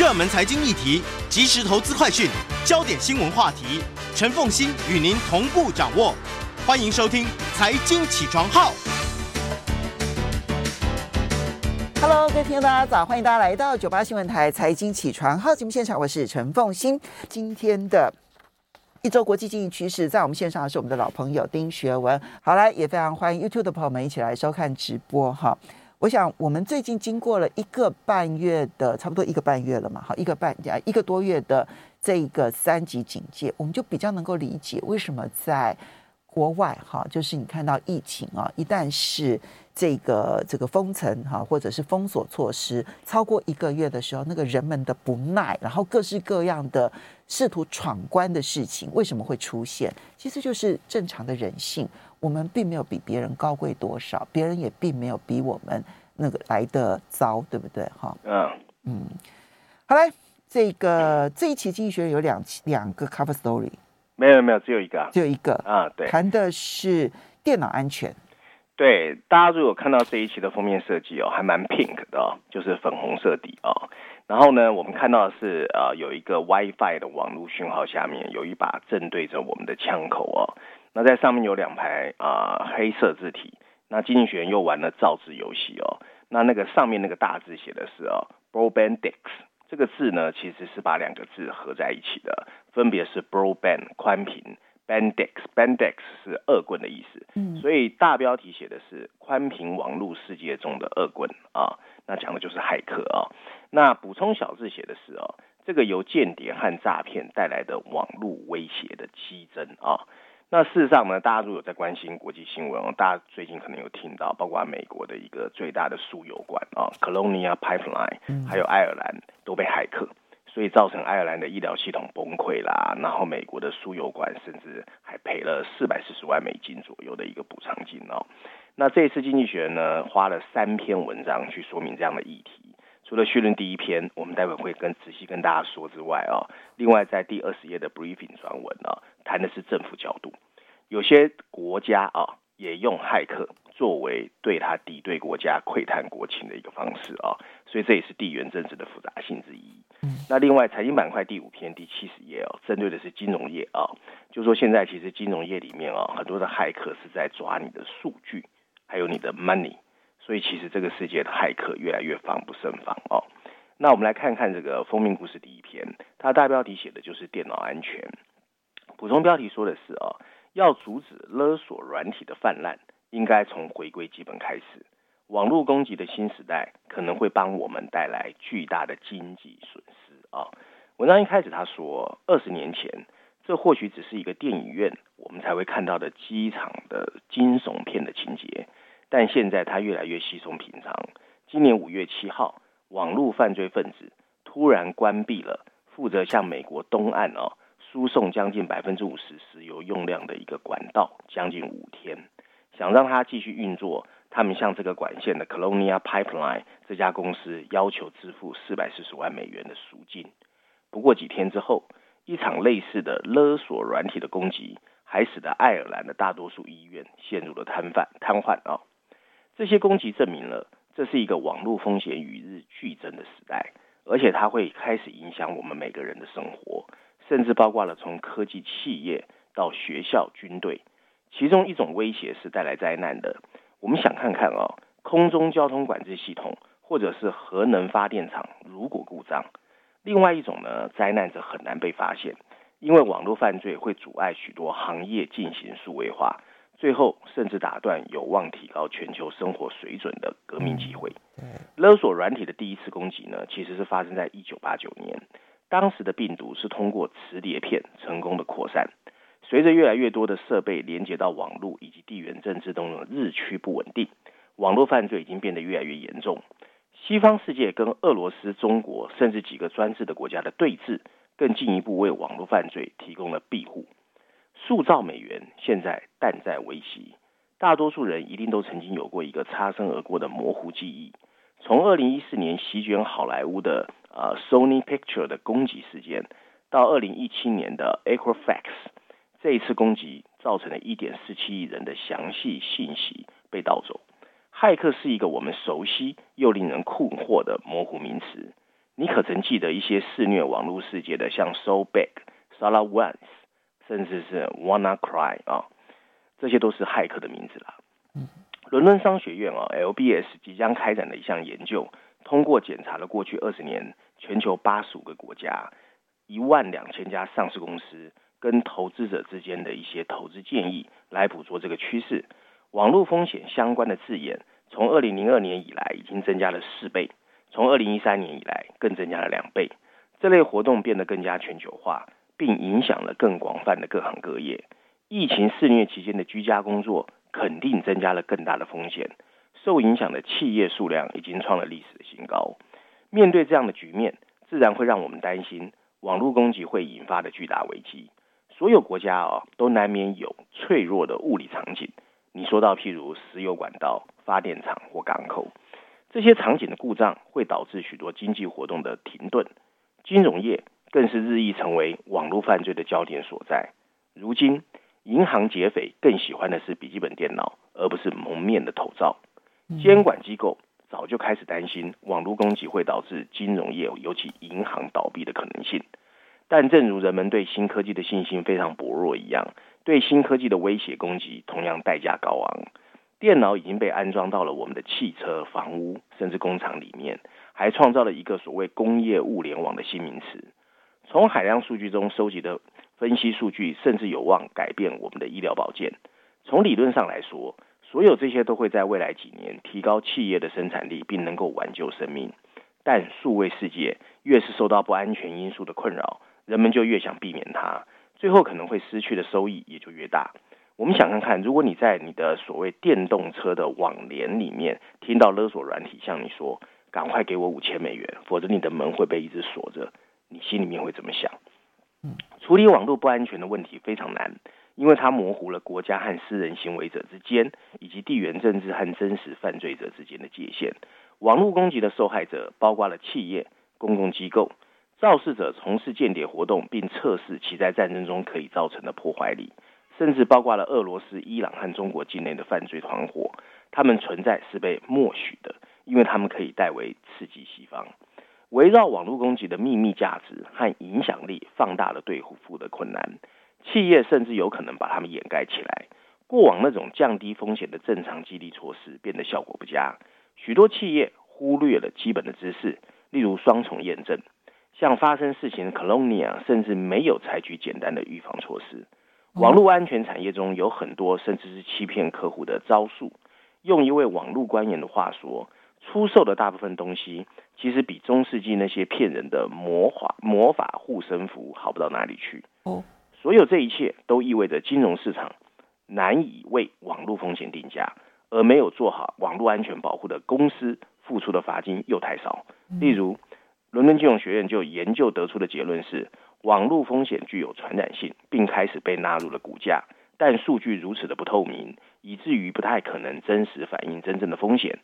熱門財經議題、即時投資快訊、焦點新聞話題，陳鳳馨與您同步掌握。歡迎收聽《財經起床號》。Hello，各位聽友、啊，大家早！歡迎大家來到九八新聞台《財經起床號》節目現場，我是陳鳳馨。今天的一周國際經濟趨勢，在我們線上的是我們的老朋友丁學文。好嘞，也非常歡迎 YouTube 的朋友們一起來收看直播哈。我想，我們最近經過了一個半月的，差不多一個半月了嘛，哈，一個半加一個多月的這個三級警戒，我們就比較能夠理解為什麼在國外，哈，就是你看到疫情啊，一旦是這個這個封城哈，或者是封鎖措施超過一個月的時候，那個人們的不耐，然後各式各樣的試圖闖關的事情，為什麼會出現？其實就是正常的人性。我們並沒有比別人高貴多少，別人也並沒有比我們那個來得糟，對不對？哈、嗯，嗯嗯，好，來這個這一期經濟學人有兩兩個 cover story，沒有沒有，只有一個、啊，只有一個啊，對，談的是電腦安全。對，大家如果看到這一期的封面設計哦，還蠻 pink 的、哦，就是粉紅色底哦。然後呢，我們看到的是啊、呃，有一個 WiFi 的網路訊號，下面有一把正對着我們的槍口哦。那在上面有兩排啊、呃、黑色字體，那經濟學人又玩了造字遊戲哦。那那個上面那個大字寫的是哦，Broadbandex 這個字呢，其實是把兩個字合在一起的，分別是 Broadband 寬頻，Bandex Bandex 是惡棍的意思。所以大標題寫的是寬頻網絡世界中的惡棍啊，那講的就是駭客啊、哦。那補充小字寫的是哦，這個由間諜和詐騙帶來的網絡威脅的激增啊。那事實上呢，大家如果有在關心國際新聞哦，大家最近可能有聽到，包括美國的一個最大的輸油管啊、哦、Colonial Pipeline，還有愛爾蘭都被駭客，所以造成愛爾蘭的醫療系統崩潰啦，然後美國的輸油管甚至還賠了四百四十萬美金左右的一個補償金哦。那這一次經濟學人呢，花了三篇文章去說明這樣的議題。除了序論第一篇，我們待會會跟仔細跟大家說之外啊，另外在第二十頁的 briefing 短文啊，談的是政府角度，有些國家啊也用駭客作為對他敵對國家窺探國情的一個方式啊，所以這也是地緣政治的複雜性之一。嗯、那另外財經板塊第五篇第七十頁哦、啊，針對的是金融業啊，就說現在其實金融業裡面啊，很多的駭客是在抓你的數據，還有你的 money。所以其實這個世界的駭客越來越防不勝防哦。那我們來看看這個封面故事第一篇，它大標題寫的就是電腦安全。普通標題說的是哦，要阻止勒索軟體的泛濫，應該從回歸基本開始。網絡攻擊的新時代可能會幫我們帶來巨大的經濟損失哦。文章一開始他說，二十年前，這或許只是一個電影院我們才會看到的機場的驚悚片的情節。但現在他越來越稀鬆平常。今年五月七號，網絡犯罪分子突然關閉了負責向美國東岸哦輸送將近百分之五十石油用量的一個管道，將近五天。想讓他繼續運作，他們向這個管線的 Colonial Pipeline 這家公司要求支付四百四十萬美元的贖金。不過幾天之後，一場類似的勒索軟體的攻擊，還使得愛爾蘭的大多數醫院陷入了癱瘓癱瘓啊。這些攻擊證明了這是一個網絡風險與日俱增的時代，而且它會開始影響我們每個人的生活，甚至包括了從科技企業到學校、軍隊。其中一種威脅是帶來災難的。我們想看看哦，空中交通管制系統或者是核能發電廠如果故障另外一種呢，災難則很難被發現，因為網絡犯罪會阻礙許多行業進行數位化。最後，甚至打斷有望提高全球生活水準的革命機會。勒索軟體的第一次攻擊呢，其實是發生在一九八九年。當時的病毒是通過磁碟片成功的擴散。隨着越來越多的設備連接到網絡，以及地緣政治中的日趨不穩定，網絡犯罪已經變得越來越嚴重。西方世界跟俄羅斯、中國甚至幾個專制的國家的對峙，更進一步為網絡犯罪提供了庇護。數兆美元，現在但在危機。大多數人一定都曾經有過一個擦身而過的模糊記憶。從二零一四年席捲好萊塢的呃 Sony Picture 的攻擊事件，到二零一七年的 Equifax 這一次攻擊，造成了一點四七億人的詳細信息被盜走。駭客是一個我們熟悉又令人困惑的模糊名詞。你可曾記得一些肆虐網絡世界的，像、So Big、Sala Once 甚至是 Wanna Cry 啊、哦，這些都是駭客的名字啦。倫敦商學院啊、哦，LBS 即將開展的一項研究，通過檢查了過去二十年全球八十五個國家、一萬兩千家上市公司跟投資者之間的一些投資建議，來捕捉這個趨勢。網絡風險相關的字眼，從二零零二年以來已經增加了四倍，從二零一三年以來更增加了兩倍。這類活動變得更加全球化。並影響了更廣泛的各行各業。疫情肆虐期間的居家工作，肯定增加了更大的風險。受影響的企業數量已經創了歷史的新高。面對這樣的局面，自然會讓我們擔心網絡攻擊會引發的巨大危機。所有國家哦、啊，都難免有脆弱的物理場景。你說到譬如石油管道、發電廠或港口，這些場景的故障會導致許多經濟活動的停頓。金融業。更是日益成為網絡犯罪的焦點所在。如今，銀行劫匪更喜歡的是筆記本電腦，而不是蒙面的頭罩。監管機構早就開始擔心網絡攻擊會導致金融業，尤其銀行倒閉的可能性。但正如人們對新科技的信心非常薄弱一樣，對新科技的威脅攻擊同樣代價高昂。電腦已經被安裝到了我們的汽車、房屋，甚至工廠裡面，還創造了一個所謂工業物聯網的新名詞。從海量數據中收集的分析數據，甚至有望改變我們的醫療保健。從理論上來說，所有這些都會在未來幾年提高企業的生產力，並能夠挽救生命。但數位世界越是受到不安全因素的困擾，人們就越想避免它，最後可能會失去的收益也就越大。我們想想看，看，如果你在你的所謂電動車的網聯裡面聽到勒索軟體，向你說：“趕快給我五千美元，否則你的門會被一直鎖着。”你心裡面會怎麼想？處理網絡不安全的問題非常難，因為它模糊了國家和私人行為者之間，以及地緣政治和真實犯罪者之間的界限。網絡攻擊的受害者包括了企業、公共機構，肇事者從事間諜活動，並測試其在戰爭中可以造成的破壞力，甚至包括了俄羅斯、伊朗和中國境內的犯罪團夥。他們存在是被默許的，因為他們可以代為刺激西方。圍繞網絡攻擊的秘密價值和影響力，放大了對付的困難。企業甚至有可能把他們掩蓋起來。過往那種降低風險的正常激勵措施變得效果不佳。許多企業忽略了基本的知識，例如雙重驗證。像發生事情的 Colonia，甚至沒有採取簡單的預防措施。網絡安全產業中有很多甚至是欺騙客戶的招數。用一位網絡官員的話說：“出售的大部分東西，”其實比中世紀那些騙人的魔法魔法護身符好不到哪裡去。所有這一切都意味着金融市場難以為網絡風險定價，而沒有做好網絡安全保護的公司付出的罰金又太少。例如，倫敦金融學院就研究得出的結論是，網絡風險具有傳染性，並開始被納入了股價，但數據如此的不透明，以至於不太可能真實反映真正的風險。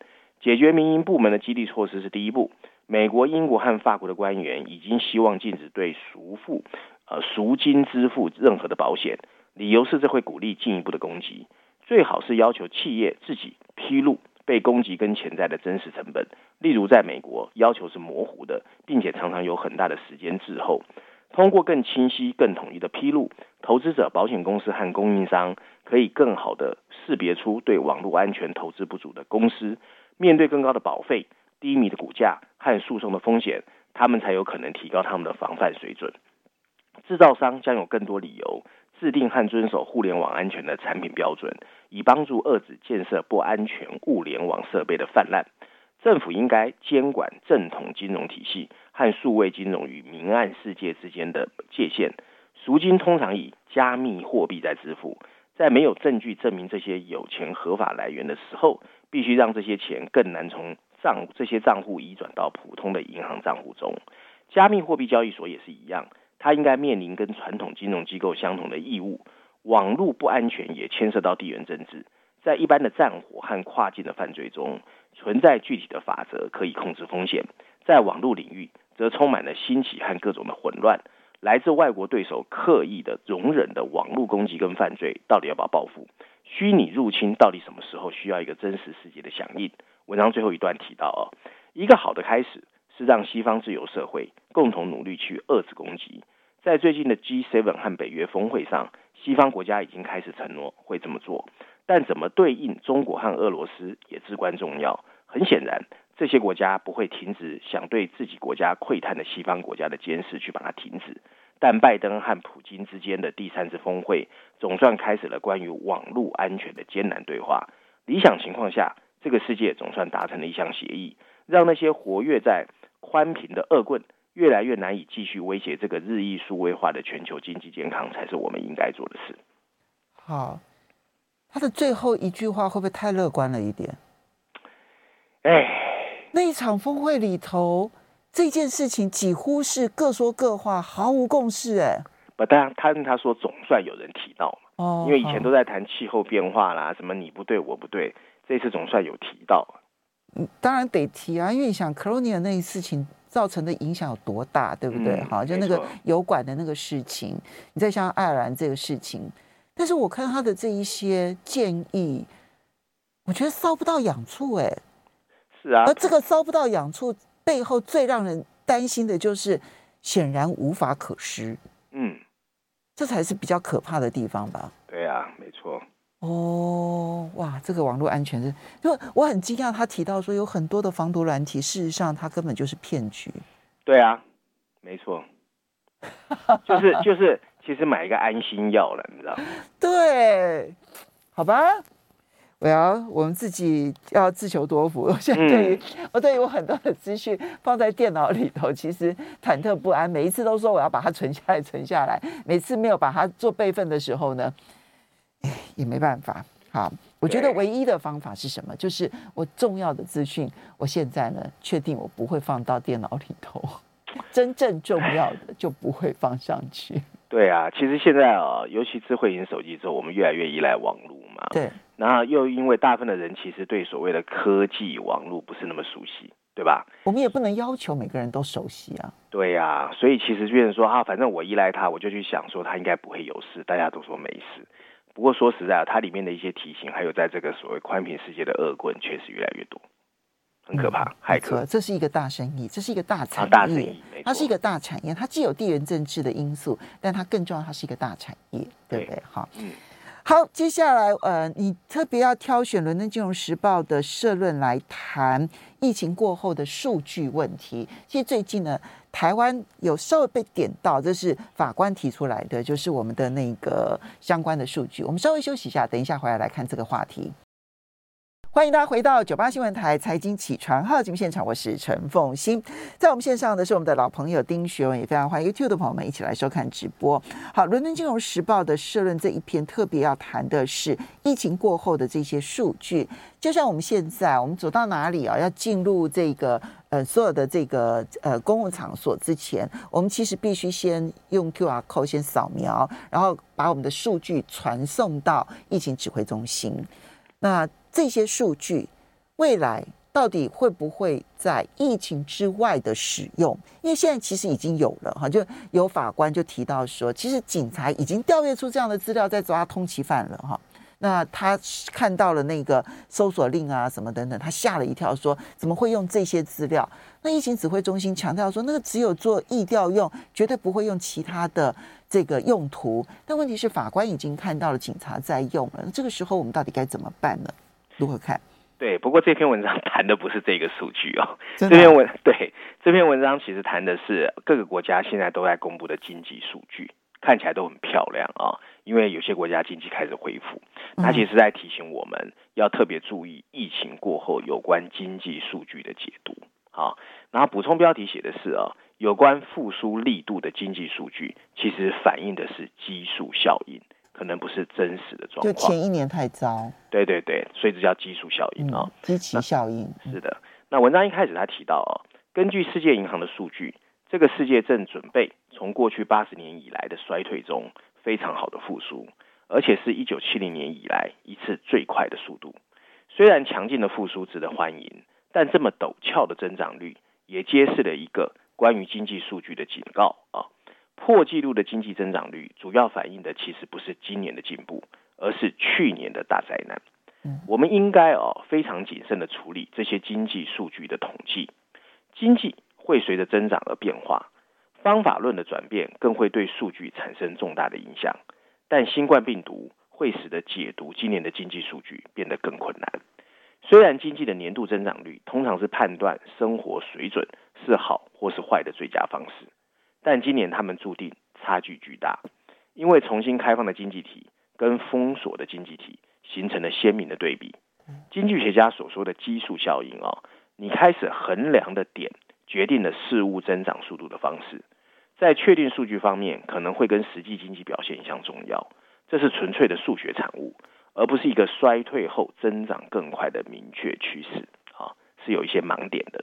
解決民營部門的激勵措施是第一步。美國、英國和法國的官員已經希望禁止對贖付、呃贖金支付任何的保險，理由是這會鼓勵進一步的攻擊。最好是要求企業自己披露被攻擊跟潛在的真實成本。例如，在美國，要求是模糊的，並且常常有很大的時間滯後。通過更清晰、更統一的披露，投資者、保險公司和供應商可以更好地識別出對網絡安全投資不足的公司。面對更高的保費、低迷的股價和訴訟的風險，他們才有可能提高他們的防範水準。製造商將有更多理由制定和遵守互聯網安全的產品標準，以幫助遏制建設不安全物聯網設備的泛濫。政府應該監管正統金融體系和數位金融與明暗世界之間的界限。贖金通常以加密貨幣在支付，在沒有證據證明這些有錢合法來源的時候。必須讓這些錢更難從賬這些賬戶移轉到普通的銀行賬戶中。加密貨幣交易所也是一樣，它應該面臨跟傳統金融機構相同的義務。網絡不安全也牽涉到地緣政治，在一般的戰火和跨境的犯罪中，存在具體的法則可以控制風險。在網絡領域，則充滿了新奇和各種的混亂，來自外國對手刻意的容忍的網絡攻擊跟犯罪，到底要不要報復？虛擬入侵到底什麼時候需要一個真實世界的響應？文章最後一段提到，哦，一個好的開始是讓西方自由社會共同努力去遏制攻擊。在最近的 G7 和北約峰會上，西方國家已經開始承諾會這麼做，但怎麼對應中國和俄羅斯也至關重要。很顯然，這些國家不會停止想對自己國家窺探的西方國家的監視，去把它停止。但拜登和普京之間的第三次峰會總算開始了關於網絡安全的艱難對話。理想情況下，這個世界總算達成了一項協議，讓那些活躍在寬頻的惡棍越來越難以繼續威脅這個日益數位化的全球經濟健康，才是我們應該做的事。好，他的最後一句話會不會太樂觀了一點？哎唉，那一場峰會裡頭。這件事情幾乎是各說各話，毫無共識、欸。哎，不，當然，他跟他說，總算有人提到了。哦，因為以前都在談氣候變化啦，什麼你不對，我不對，這次總算有提到。嗯，當然得提啊，因為你想，Colonial 那一事情造成的影響有多大，對不對？哈、嗯，就那個油管的那個事情，錯你再像愛爾蘭這個事情，但是我看他的這一些建議，我覺得搔不到癢處、欸，哎，是啊，而這個搔不到癢處。背後最讓人擔心的就是顯然無法可施，嗯，這才是比較可怕的地方吧？對啊，沒錯。哦，哇，這個網絡安全是，因為我很驚訝，他提到說有很多的防毒軟體，事實上它根本就是騙局。對啊，沒錯， 就是就是，其實買一個安心藥了，你知道嗎？對，好吧。我要我們自己要自求多福。我現在對於我對於我很多的資訊放在電腦裡頭，其實忐忑不安。每一次都說我要把它存下來，存下來。每次沒有把它做備份的時候呢，也沒辦法。好，我覺得唯一的方法是什麼？就是我重要的資訊，我現在呢，確定我不會放到電腦裡頭。真正重要的就不會放上去。對啊，其實現在啊、哦，尤其智慧型手機之後，我們越來越依賴網絡嘛。對，然後又因為大部分的人其實對所謂的科技網絡不是那麼熟悉，對吧？我們也不能要求每個人都熟悉啊。對呀、啊，所以其實雖然說啊，反正我依賴它，我就去想說它應該不會有事。大家都說沒事，不過說實在啊，它裡面的一些提醒，還有在這個所謂寬頻世界的惡棍，確實越來越多。很可怕、嗯，駭客，這是一個大生意，這是一個大產業，啊、它是一個大產業，它既有地緣政治的因素，但它更重要，它是一個大產業，嗯、對不對？好，嗯，好，接下來，呃，你特別要挑選《倫敦金融時報》的社論來談疫情過後的數據問題。其實最近呢，台灣有稍微被點到，這是法官提出來的，就是我們的那個相關的數據。我們稍微休息一下，等一下回來來看這個話題。歡迎大家回到九八新聞台財經起床號節目現場，我是陳鳳馨。在我們線上的是我們的老朋友丁學文，也非常歡迎 YouTube 的朋友們一起來收看直播。好，倫敦金融時報的社論這一篇特別要談的是疫情過後的這些數據。就像我們現在，我們走到哪裡啊？要進入這個呃所有的這個呃公共場所之前，我們其實必須先用 QR Code 先掃描，然後把我們的數據傳送到疫情指揮中心。那這些數據未來到底會不會在疫情之外的使用？因為現在其實已經有了哈，就有法官就提到說，其實警察已經調閱出這樣的資料在抓通緝犯了哈。那他看到了那個搜索令啊什麼等等，他嚇了一跳，說怎麼會用這些資料？那疫情指揮中心強調說，那個只有做疫調用，絕對不會用其他的這個用途。但問題是，法官已經看到了警察在用了，那這個時候我們到底該怎麼辦呢？如何看？對，不過這篇文章談的不是這個數據哦。的這篇文對，這篇文章其實談的是各個國家現在都在公布的經濟數據，看起來都很漂亮啊。因為有些國家經濟開始恢復，它其實在提醒我們要特別注意疫情過後有關經濟數據的解讀啊。然後補充標題寫的是啊，有關復甦力度的經濟數據，其實反映的是基數效應。可能不是真實的狀況，就前一年太糟，對對對，所以這叫基數效應啊，嗯、基數效應那、嗯、是的。那文章一開始他提到啊，根據世界銀行的數據，這個世界正準備從過去八十年以來的衰退中非常好的復甦，而且是一九七零年以來一次最快的速度。雖然強勁的復甦值得歡迎，但這麼陡峭的增長率也揭示了一個關於經濟數據的警告啊。破紀錄的經濟增長率，主要反映的其實不是今年的進步，而是去年的大災難。我們應該哦非常謹慎的處理這些經濟數據的統計。經濟會隨着增長而變化，方法論的轉變更會對數據產生重大的影響。但新冠病毒會使得解讀今年的經濟數據變得更困難。雖然經濟的年度增長率通常是判斷生活水準是好或是壞的最佳方式。但今年他們注定差距巨大，因為重新開放的經濟體跟封鎖的經濟體形成了鮮明的對比。經濟學家所說的基數效應哦，你開始衡量的點決定了事物增長速度的方式，在確定數據方面可能會跟實際經濟表現一樣重要，這是純粹的數學產物，而不是一個衰退後增長更快的明確趨勢啊、哦，是有一些盲點的。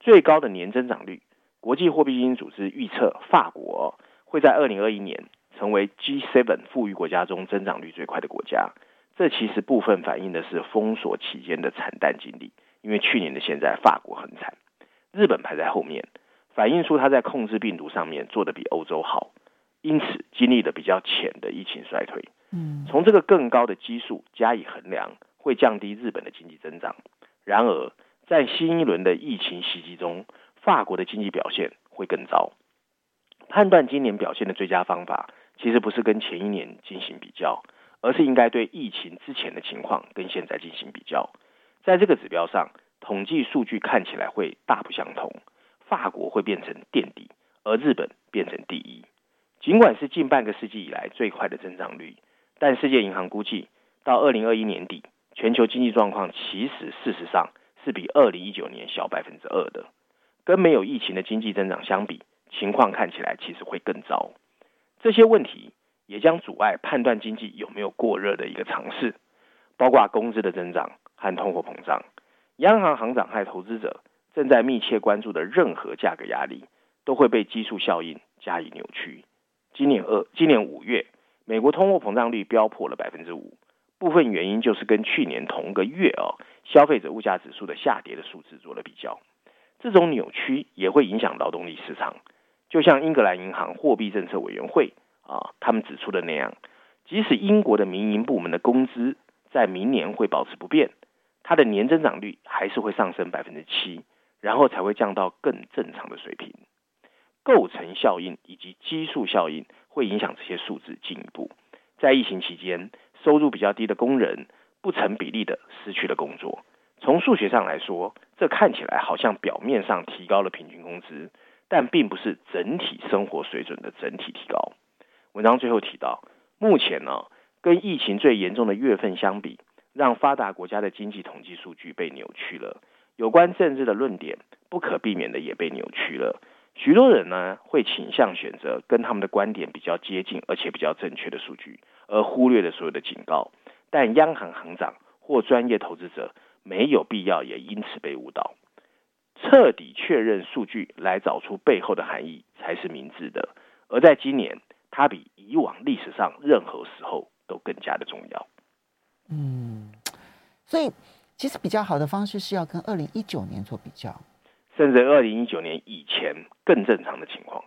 最高的年增長率。國際貨幣基金組織預測，法國會在二零二一年成為 G7 富裕國家中增長率最快的國家。這其實部分反映的是封鎖期間的慘淡經歷，因為去年的現在，法國很慘，日本排在後面，反映出它在控制病毒上面做得比歐洲好，因此經歷了比較淺的疫情衰退。從這個更高的基數加以衡量，會降低日本的經濟增長。然而，在新一輪的疫情襲擊中，法國的經濟表現會更糟。判斷今年表現的最佳方法，其實不是跟前一年進行比較，而是應該對疫情之前的情況跟現在進行比較。在這個指標上，統計數據看起來會大不相同。法國會變成墊底，而日本變成第一。儘管是近半個世紀以來最快的增長率，但世界銀行估計，到二零二一年底，全球經濟狀況其實事實上是比二零一九年小百分之二的。跟沒有疫情的經濟增長相比，情況看起來其實會更糟。這些問題也將阻礙判斷經濟有沒有過熱的一個嘗試，包括工資的增長和通貨膨脹。央行行長和投資者正在密切關注的任何價格壓力，都會被基數效應加以扭曲。今年二，今年五月，美國通貨膨脹率飆破了百分之五，部分原因就是跟去年同個月哦，消費者物價指數的下跌的數字做了比較。這種扭曲也會影響勞動力市場，就像英格蘭銀行貨幣政策委員會啊他們指出的那樣，即使英國的民營部門的工資在明年會保持不變，它的年增長率還是會上升百分之七，然後才會降到更正常的水平。構成效應以及基數效應會影響這些數字進一步。在疫情期間，收入比較低的工人不成比例的失去了工作。從數學上來說，這看起來好像表面上提高了平均工資，但並不是整體生活水準的整體提高。文章最後提到，目前呢、哦，跟疫情最嚴重的月份相比，讓發達國家的經濟統計數據被扭曲了，有關政治的論點不可避免地也被扭曲了。許多人呢，會傾向選擇跟他們的觀點比較接近而且比較正確的數據，而忽略了所有的警告。但央行行長或專業投資者。沒有必要，也因此被誤導。徹底確認數據，來找出背後的含義，才是明智的。而在今年，它比以往歷史上任何時候都更加的重要。嗯，所以其實比較好的方式是要跟二零一九年做比較，甚至二零一九年以前更正常的情況。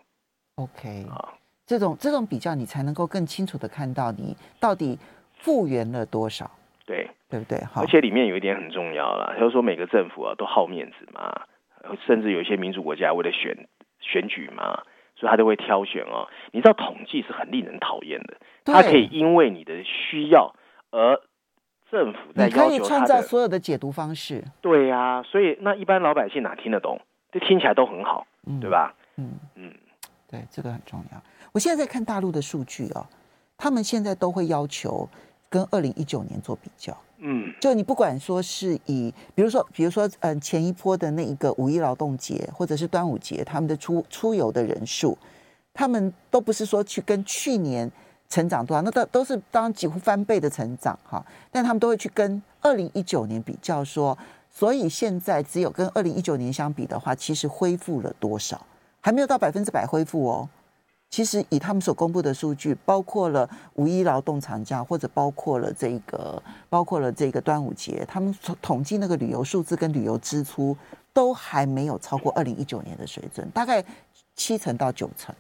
OK 啊，這種這種比較，你才能夠更清楚的看到你到底復原了多少。對對不對？好，而且裡面有一點很重要了。他說，每個政府啊都好面子嘛，甚至有一些民主國家為了選選舉嘛，所以他都會挑選哦。你知道統計是很令人討厭的，對他可以因為你的需要而政府在的你可以創造所有的解讀方式。對呀、啊，所以那一般老百姓哪聽得懂？這聽起來都很好，嗯、對吧？嗯嗯，對，這個很重要。我現在在看大陸的數據哦，他們現在都會要求。跟二零一九年做比較，嗯，就你不管說是以，比如說，比如說，呃，前一波的那一個五一勞動節或者是端午節，他們的出出遊的人數，他們都不是說去跟去年成長多少，那都都是當幾乎翻倍的成長哈，但他們都會去跟二零一九年比較說，所以現在只有跟二零一九年相比的話，其實恢復了多少，還沒有到百分之百恢復哦。其實以他們所公布的數據，包括了五一勞動長假，或者包括了這個，包括了這個端午節，他們統計那個旅遊數字跟旅遊支出，都還沒有超過二零一九年的水準，大概七成到九成，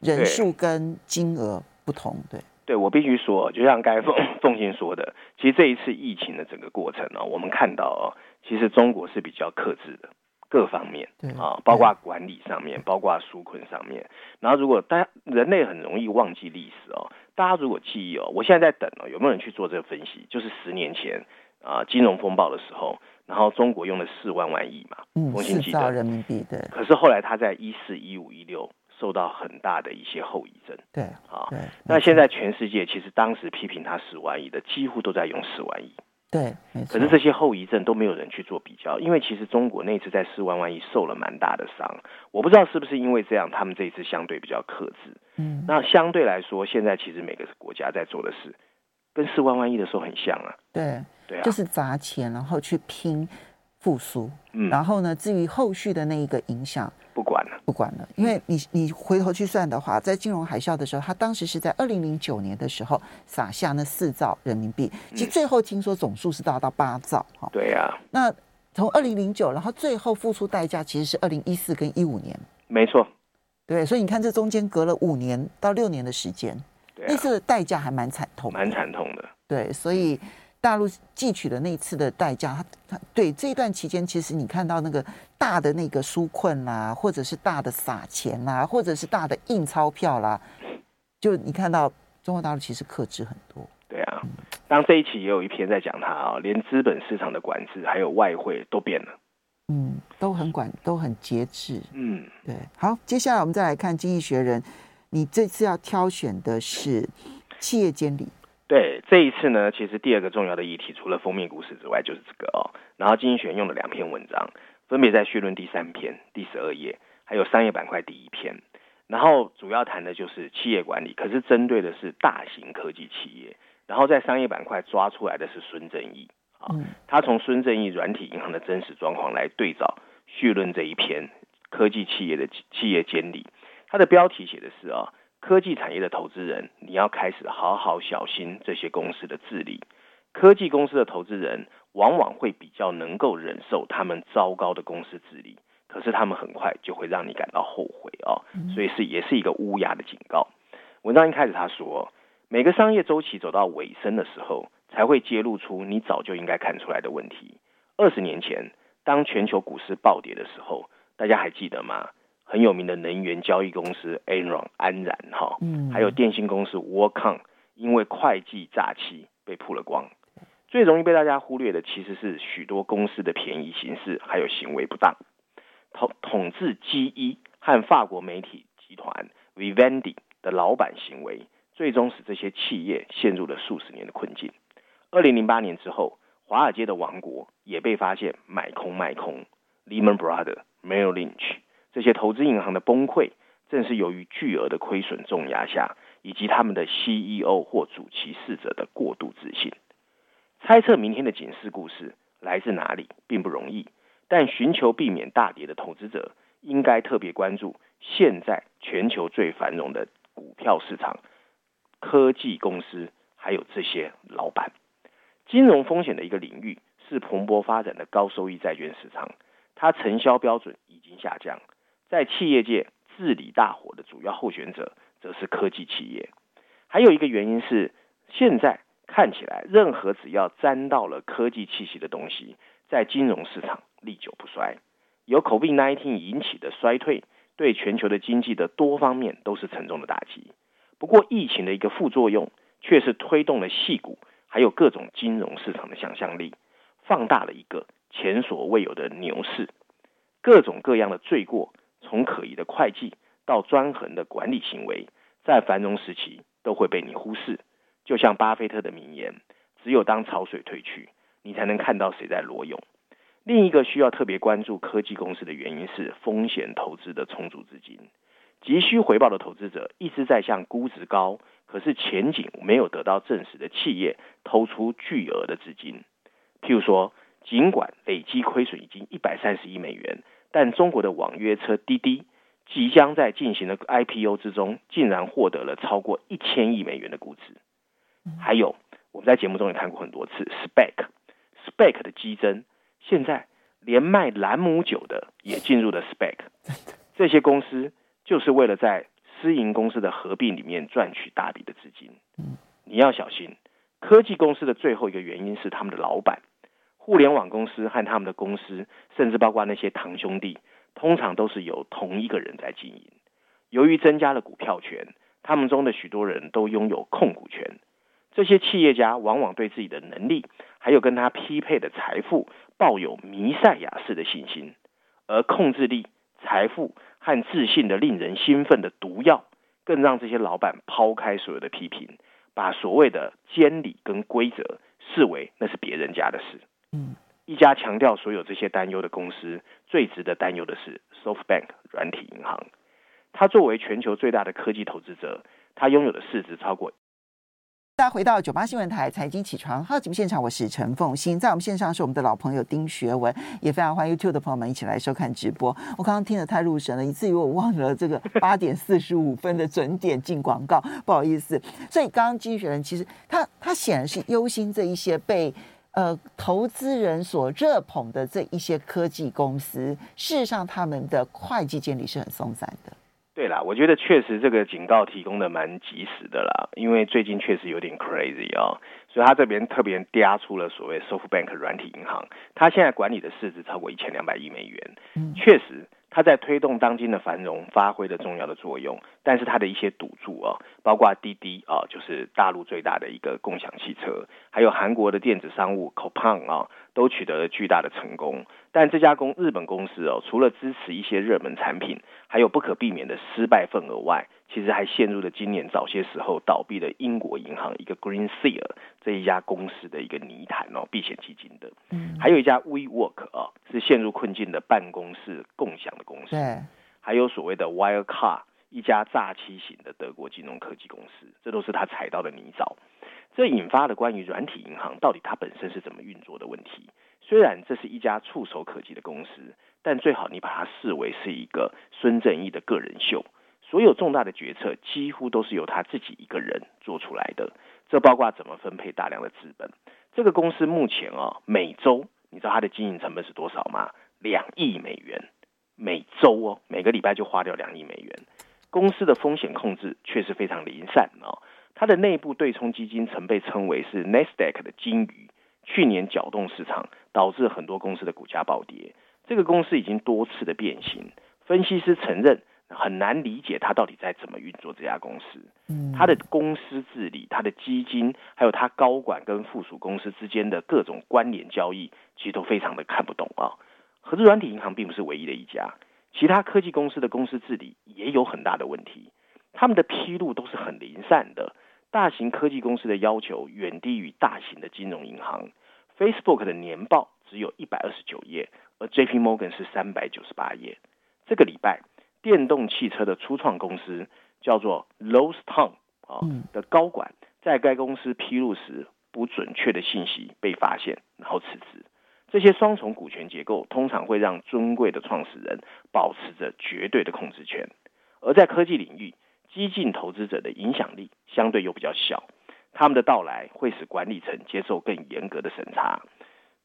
人數跟金額不同，對。同對，對我必須說，就像剛才鳳鳳馨說的，其實這一次疫情的整個過程呢，我們看到其實中國是比較克制的。各方面對啊，包括管理上面，對包括紓困上面。然後，如果大家人類很容易忘記歷史哦，大家如果記憶哦，我現在在等哦，有沒有人去做這個分析？就是十年前啊，金融風暴的時候，然後中國用了四萬萬億嘛，我記得嗯、四兆人民幣對。可是後來他在一四一五一六受到很大的一些後遺症對啊，對嗯、那現在全世界其實當時批評他十萬億的，幾乎都在用十萬億。對，可是這些後遺症都沒有人去做比較，因為其實中國那次在四萬萬億受了蠻大的傷，我不知道是不是因為這樣，他們這一次相對比較克制。嗯，那相對來說，現在其實每個國家在做的事，跟四萬萬億的時候很像啊。對，對啊，就是砸錢然後去拼。復甦，嗯，然後呢？至於後續的那一個影響，不管了，不管了，因為你你回頭去算的話，在金融海嘯的時候，他當時是在二零零九年的時候撒下那四兆人民幣，其實最後聽說總數是達到八兆，哈、嗯，對呀、啊。那從二零零九，然後最後付出代價其實是二零一四跟一五年，沒錯，對，所以你看這中間隔了五年到六年的時間，對啊、那次的代價還蠻慘痛，蠻慘痛的，對，所以。嗯大陸汲取的那次的代價，他他對這一段期間，其實你看到那個大的那個紓困啦、啊，或者是大的撒錢啦、啊，或者是大的印鈔票啦、啊，就你看到中國大陸其實克制很多。對啊，當這一期也有一篇在講它啊，連資本市場的管制還有外匯都變了，嗯，都很管，都很節制。嗯，對。好，接下來我們再來看《經濟學人》，你這次要挑選的是企業監理。對，這一次呢，其實第二個重要的議題，除了封面故事之外，就是這個哦。然後精選用了兩篇文章，分別在序論第三篇第十二頁，還有商業板塊第一篇。然後主要談的就是企業管理，可是針對的是大型科技企業。然後在商業板塊抓出來的是孫正義，嗯、啊，他從孫正義軟體銀行的真實狀況來對照序論這一篇科技企業的企企業監理。他的標題寫的是哦。科技產業的投資人，你要開始好好小心這些公司的治理。科技公司的投資人往往會比較能夠忍受他們糟糕的公司治理，可是他們很快就會讓你感到後悔哦。所以是也是一個烏鴉的警告。嗯。文章一開始他說，每個商業週期走到尾聲的時候，才會揭露出你早就應該看出來的問題。二十年前，當全球股市暴跌的時候，大家還記得嗎？很有名的能源交易公司 Enron 安然哈，嗯、還有電信公司 WorldCom 因為會計詐欺被曝了光。最容易被大家忽略的其實是許多公司的便宜行事還有行為不當。統統治 GE 和法國媒體集團 Vivendi 的老板行為，最終使這些企業陷入了數十年的困境。二零零八年之後，華爾街的王國也被發現買空賣空，Lehman Brothers Merrill Lynch。這些投資銀行的崩潰，正是由於巨額的虧損重壓下，以及他們的 CEO 或主其事者的過度自信。猜測明天的警示故事來自哪裡，並不容易。但尋求避免大跌的投資者，應該特別關注現在全球最繁榮的股票市場，科技公司，還有這些老闆。金融風險的一個領域是蓬勃發展的高收益債券市場，它承銷標準已經下降。在企業界治理大火的主要候選者，則是科技企業。還有一個原因是，現在看起來，任何只要沾到了科技氣息的東西，在金融市場歷久不衰。由 Covid-19 引起的衰退，對全球的經濟的多方面都是沉重的打擊。不過，疫情的一個副作用，卻是推動了矽谷，還有各種金融市場的想象力，放大了一個前所未有的牛市。各種各樣的罪過。從可疑的會計到專橫的管理行為，在繁榮時期都會被你忽視。就像巴菲特的名言：“只有當潮水退去，你才能看到誰在裸泳。”另一個需要特別關注科技公司的原因是風險投資的充足資金。急需回報的投資者一直在向估值高，可是前景沒有得到證實的企業投出巨額的資金。譬如說，儘管累積虧損已經一百三十億美元。但中國的網約車滴滴即將在進行的 IPO 之中，竟然獲得了超過一千億美元的估值。還有我們在節目中也看過很多次，SPAC，SPAC 的激增，現在連賣蘭姆酒的也進入了 SPAC。這些公司就是為了在私營公司的合併裡面賺取大筆的資金。你要小心，科技公司的最後一個原因是他們的老闆。互聯網公司和他們的公司，甚至包括那些堂兄弟，通常都是由同一個人在經營。由於增加了股票權，他們中的許多人都擁有控股權。這些企業家往往對自己的能力，還有跟他匹配的財富，抱有彌賽亞式的信心。而控制力、財富和自信的令人興奮的毒藥，更讓這些老板拋開所有的批評，把所謂的監理跟規則視為那是別人家的事。一家強調所有這些擔憂的公司，最值得擔憂的是 SoftBank 軟體銀行。它作為全球最大的科技投資者，它擁有的市值超過。大家回到九八新聞台財經起床，好，節目現場，我是陳鳳馨，在我們線上是我們的老朋友丁學文，也非常歡迎 YouTube 的朋友們一起來收看直播。我剛剛聽得太入神了，一次以至於我忘了這個八點四十五分的準點進廣告， 不好意思。所以剛剛經濟學人其實他他顯然是憂心這一些被。呃，投資人所熱捧的這一些科技公司，事實上他們的會計監理是很鬆散的。對啦，我覺得確實這個警告提供的蠻及時的啦，因為最近確實有點 crazy 哦，所以他這邊特別提出了所謂 SoftBank 軟體銀行，他現在管理的市值，超過一千兩百億美元，嗯、確實他在推動當今的繁榮發揮的重要的作用。但是它的一些賭注啊、哦，包括滴滴啊，就是大陸最大的一個共享汽車，還有韓國的電子商務 Coupang、哦、啊，都取得了巨大的成功。但這家公日本公司哦，除了支持一些熱門產品，還有不可避免的失敗份額外，其實還陷入了今年早些時候倒閉的英國銀行一個 Greensill 這一家公司的一個泥潭哦，避險基金的。嗯，還有一家 WeWork 啊、哦，是陷入困境的辦公室共享的公司。對還有所謂的 Wirecard。一家詐欺型的德國金融科技公司，這都是他踩到的泥沼，這引發的關於軟體銀行到底它本身是怎麼運作的問題。雖然這是一家觸手可及的公司，但最好你把它視為是一個孫正義的個人秀。所有重大的決策幾乎都是由他自己一個人做出來的，這包括怎麼分配大量的資本。這個公司目前啊、哦，每週你知道它的經營成本是多少嗎？兩億美元每週哦，每個禮拜就花掉兩億美元。公司的風險控制確實非常零散啊、哦，它的內部對沖基金曾被稱為是 Nasdaq 的金魚，去年攪動市場，導致很多公司的股價暴跌。這個公司已經多次的變形，分析師承認很難理解它到底在怎麼運作這家公司。它的公司治理、它的基金，還有它高管跟附屬公司之間的各種關聯交易，其實都非常的看不懂啊。合資軟體銀行並不是唯一的一家。其他科技公司的公司治理也有很大的問題，他們的披露都是很零散的。大型科技公司的要求遠低於大型的金融銀行。Facebook 的年報只有一百二十九頁，而 J.P. Morgan 是三百九十八頁。這個禮拜，電動汽車的初創公司叫做 Lordstown 啊的高管，在該公司披露時不準確的信息被發現，然後辭職。這些雙重股權結構通常會讓尊貴的創始人保持着絕對的控制權，而在科技領域，激進投資者的影響力相對又比較小，他們的到來會使管理層接受更嚴格的審查，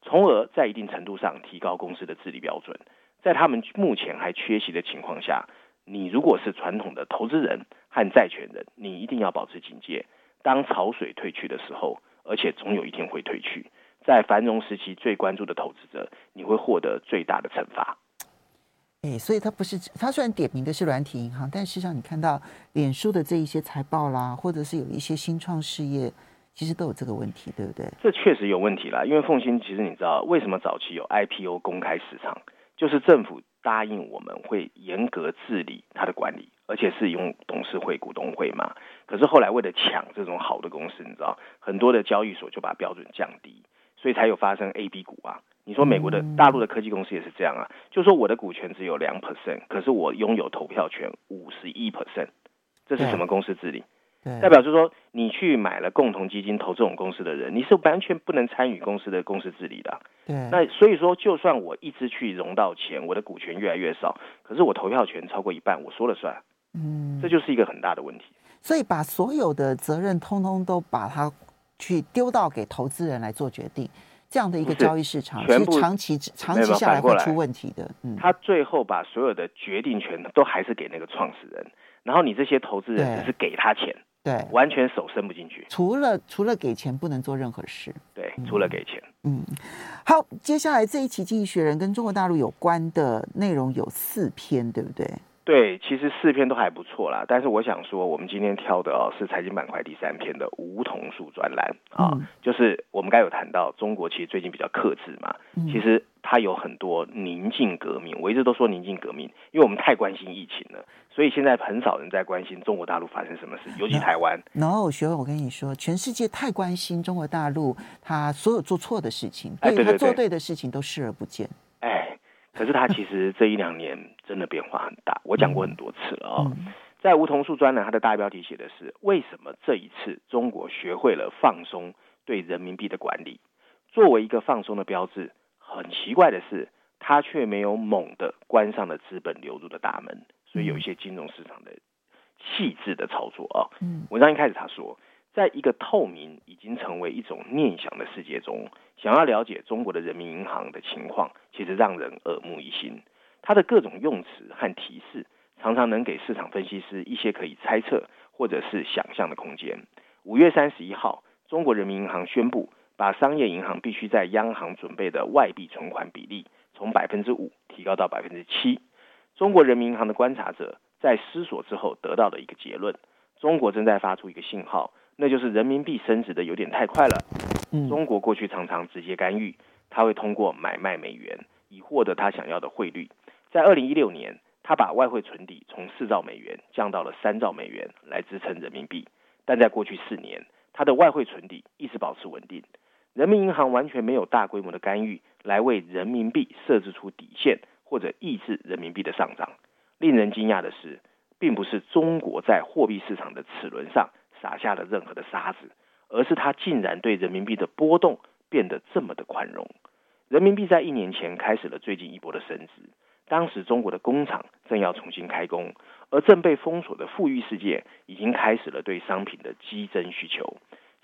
從而在一定程度上提高公司的治理標準。在他們目前還缺席的情況下，你如果是傳統的投資人和債權人，你一定要保持警戒。當潮水退去的時候，而且總有一天會退去。在繁榮時期最關注的投資者，你會獲得最大的懲罰。哎，所以他不是他雖然點名的是軟體銀行，但事實上你看到臉書的這一些財報啦，或者是有一些新創事業，其實都有這個問題，對不對？這確實有問題啦，因為鳳馨其實你知道為什麼早期有 IPO 公開市場，就是政府答應我們會嚴格治理它的管理，而且是用董事會、股東會嘛。可是後來為了搶這種好的公司，你知道很多的交易所就把標準降低。所以才有發生 A、B 股啊。你說美國的、大陸的科技公司也是這樣啊。就是說我的股權只有兩 percent，可是我擁有投票權五十一 percent，這是什麼公司治理？代表就是說你去買了共同基金投這種公司的人，你是完全不能參與公司的公司治理的。對。那所以說，就算我一直去融到錢，我的股權越來越少，可是我投票權超過一半，我說了算。嗯。這就是一個很大的問題。嗯。所以把所有的責任通通都把它。去丟到給投資人來做決定，這樣的一個交易市場，是其實長期部長期下來會出問題的。嗯，他最後把所有的決定權都還是給那個創始人，然後你這些投資人只是給他錢，對，完全手伸不進去。除了除了給錢，不能做任何事。對，除了給錢。嗯，好，接下來這一期《經濟學人》跟中國大陸有關的內容有四篇，對不對？對，其實四篇都還不錯啦，但是我想說，我們今天挑的哦是財經板塊第三篇的梧桐樹專欄、嗯、啊，就是我們剛,剛有談到，中國其實最近比較克制嘛，嗯、其實它有很多寧靜革命，我一直都說寧靜革命，因為我們太關心疫情了，所以現在很少人在關心中國大陸發生什麼事，尤其台灣。No, no，學文我跟你說，全世界太關心中國大陸，他所有做錯的事情，對他做對的事情都視而不見。哎對對對可是他其實這一兩年真的變化很大，我講過很多次了啊、哦。在梧桐樹專欄，他的大標題寫的是為什麼這一次中國學會了放鬆對人民幣的管理。作為一個放鬆的標誌，很奇怪的是，他卻沒有猛地關上了資本流入的大門。所以有一些金融市場的細緻的操作啊。嗯，文章一開始他說。在一個透明已經成為一種念想的世界中，想要了解中國的人民銀行的情況，其實讓人耳目一新。它的各種用詞和提示，常常能給市場分析師一些可以猜測或者是想象的空間。五月三十一號，中國人民銀行宣布，把商業銀行必須在央行準備的外幣存款比例從百分之五提高到百分之七。中國人民銀行的觀察者在思索之後得到的一個結論：中國正在發出一個信號。那就是人民幣升值的有點太快了。中國過去常常直接干預，他會通過買賣美元以獲得他想要的匯率。在二零一六年，他把外匯存底從四兆美元降到了三兆美元來支撐人民幣。但在過去四年，他的外匯存底一直保持穩定，人民銀行完全沒有大規模的干預來為人民幣設置出底線或者抑制人民幣的上漲。令人驚訝的是，並不是中國在貨幣市場的齒輪上。撒下了任何的沙子，而是它竟然對人民幣的波動變得這麼的寬容。人民幣在一年前開始了最近一波的升值，當時中國的工廠正要重新開工，而正被封鎖的富裕世界已經開始了對商品的激增需求。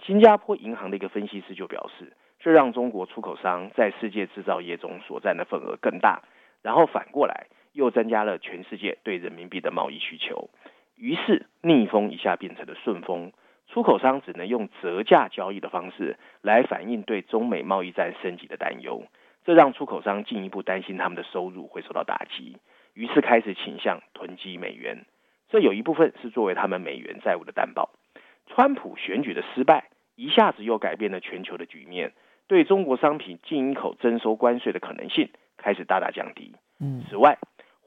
新加坡銀行的一個分析師就表示，這讓中國出口商在世界製造業中所佔的份額更大，然後反過來又增加了全世界對人民幣的貿易需求。於是逆風一下變成了順風，出口商只能用折價交易的方式來反映對中美貿易戰升級的擔憂，這讓出口商進一步擔心他們的收入會受到打擊，於是開始傾向囤積美元。這有一部分是作為他們美元債務的擔保。川普選舉的失敗一下子又改變了全球的局面，對中國商品進一口徵收關稅的可能性開始大大降低。此外，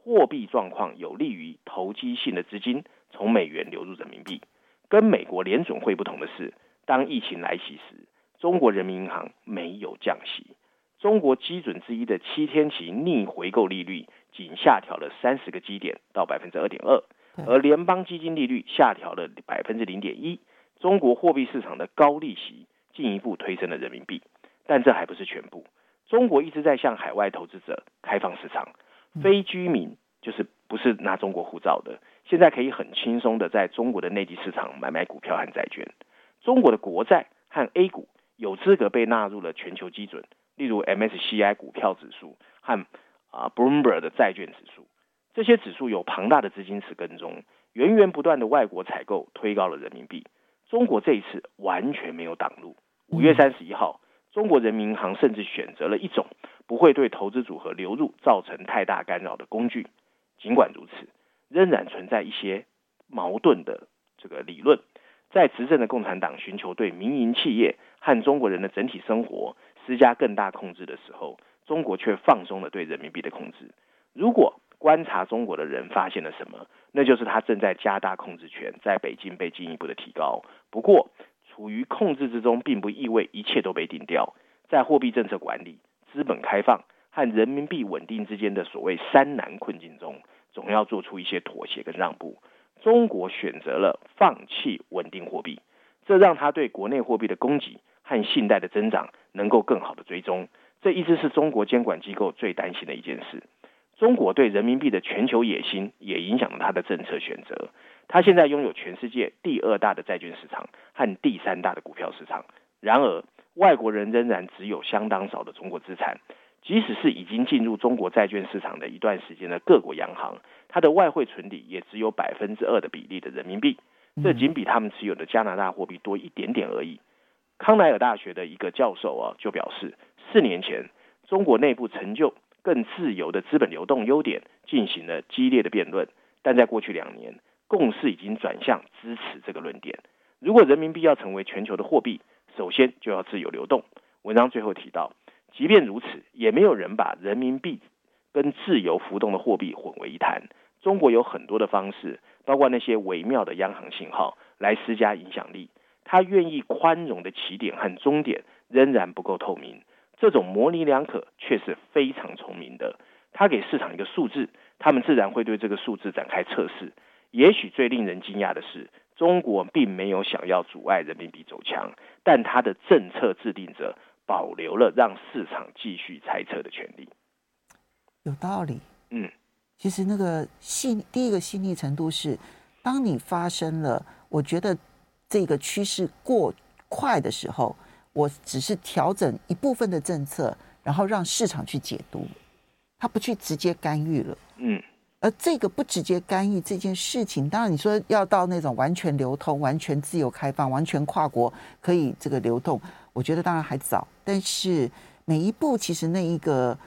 貨幣狀況有利於投機性的資金。從美元流入人民幣，跟美國聯準會不同的是，當疫情來襲時，中國人民銀行沒有降息。中國基準之一的七天期逆回購利率僅下調了三十個基點到百分之二點二，而聯邦基金利率下調了百分之零點一。中國貨幣市場的高利息進一步推升了人民幣，但這還不是全部。中國一直在向海外投資者開放市場，非居民。就是不是拿中國護照的，現在可以很輕鬆的在中國的內地市場買賣股票和債券。中國的國債和 A 股有資格被納入了全球基準，例如 MSCI 股票指數和啊 Bloomberg 的債券指數。這些指數有龐大的資金池跟蹤，源源不斷的外國採購推高了人民幣。中國這一次完全沒有擋路。五月三十一號，中國人民銀行甚至選擇了一種不會對投資組合流入造成太大干擾的工具。儘管如此，仍然存在一些矛盾的這個理論。在執政的共產黨尋求對民營企業和中國人的整體生活施加更大控制的時候，中國卻放鬆了對人民幣的控制。如果觀察中國的人發現了什麼，那就是他正在加大控制權，在北京被進一步的提高。不過，處於控制之中並不意味一切都被定調。在貨幣政策管理、資本開放和人民幣穩定之間的所謂“三難困境”中。總要做出一些妥協跟讓步。中國選擇了放棄穩定貨幣，這讓他對國內貨幣的供給和信貸的增長能夠更好的追蹤。這一直是中國監管機構最擔心的一件事。中國對人民幣的全球野心也影響了他的政策選擇。他現在擁有全世界第二大的債券市場和第三大的股票市場。然而，外國人仍然只有相當少的中國資產。即使是已經進入中國債券市場的一段時間的各國央行，它的外匯存底也只有百分之二的比例的人民幣，這僅比他們持有的加拿大貨幣多一點點而已。康奈爾大學的一個教授啊，就表示，四年前中國內部成就更自由的資本流動優點進行了激烈的辯論，但在過去兩年，共識已經轉向支持這個論點。如果人民幣要成為全球的貨幣，首先就要自由流動。文章最後提到，即便如此，也沒有人把人民幣跟自由浮動的貨幣混為一談。中國有很多的方式，包括那些微妙的央行信號來施加影響力。他願意寬容的起點和終點仍然不夠透明，這種模稜兩可卻是非常聰明的。他給市場一個數字，他們自然會對這個數字展開測試。也許最令人驚訝的是，中國並沒有想要阻礙人民幣走強，但他的政策制定者。保留了讓市場繼續猜測的權利，有道理。嗯，其實那個細第一個細膩程度是，當你發生了，我覺得這個趨勢過快的時候，我只是調整一部分的政策，然後讓市場去解讀，他不去直接干預了。嗯，而這個不直接干預這件事情，當然你說要到那種完全流通、完全自由開放、完全跨國可以這個流動。我覺得當然還早，但是每一步其實那一個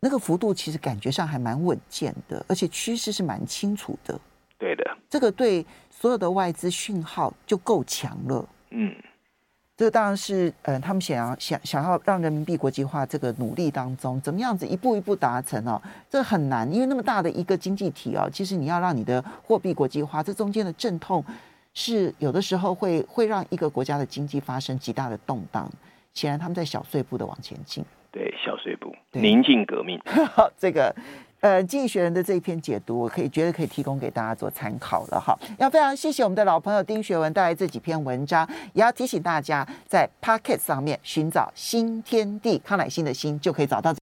那個幅度其實感覺上還蠻穩健的，而且趨勢是蠻清楚的。對的，這個對所有的外資訊號就夠強了。嗯，這個當然是呃，他們想要想想要讓人民幣國際化這個努力當中，怎麼樣子一步一步達成哦，這很難，因為那麼大的一個經濟體哦，其實你要讓你的貨幣國際化，這中間的陣痛。是有的時候會會讓一個國家的經濟發生極大的動盪，顯然他們在小碎步的往前進。對，小碎步，寧靜革命。好，這個呃，經濟學人的這一篇解讀，我可以覺得可以提供給大家做參考了哈。要非常謝謝我們的老朋友丁學文帶來這幾篇文章，也要提醒大家在 Pocket 上面尋找馨天地康乃馨的“馨”就可以找到，這個。